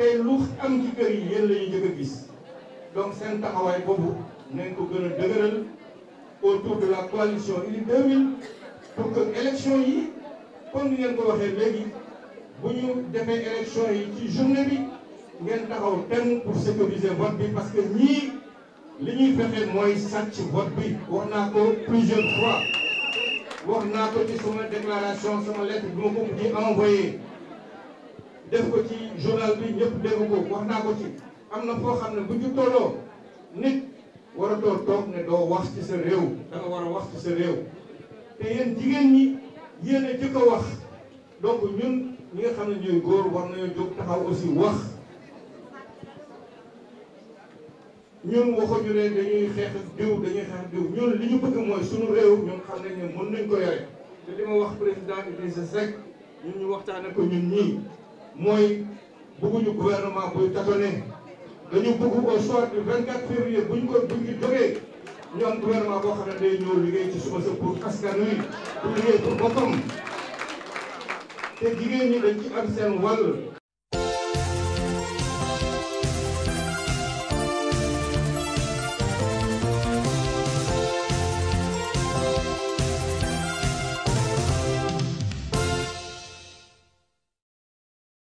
tey lu am ci kër yi yéen la ñuy gis donc seen taxawaay boobu nañ ko gën a dëgëral autour de la coalition Idy 2000 pour que élection yi comme ni ngeen ko waxee léegi bu ñu defee élection yi ci journée bi ngeen taxaw tem pour sécuriser vote bi parce que ñii li ñuy fexe mooy sàcc vote bi wax naa ko plusieurs fois wax naa ko ci sama déclaration sama lettre bi ko mujjee envoyé def ko ci journal bi ñëpp dégg ko wax naa ko ci am na foo xam ne bu ñu tolloo nit war a toog ne doo wax ci sa réew da war wax ci réew te yéen jigéen ñi yéen a jëkk a wax ñun ñi nga xam ne ñooy góor war nañu jóg taxaw aussi wax ñun waxuñu ne dañuy xeex ak diw dañuy xeex ak diw ñun li ñu bëgg mooy suñu réew ñun xam nañ ne mën nañ ko yore te li ma wax président Idrissa Seck ñun ñu waxtaane ko ñun ñii mooy bëgguñu gouvernement buy tâtonner dañu bëgg au soir du 24 buñ ko buñ ñu jógee ñu am gouvernement boo xam ne day ñëw liggéey ci suba sa pour askan wi pour liggéey pour te jigéen ñi dañ ci am seen wàll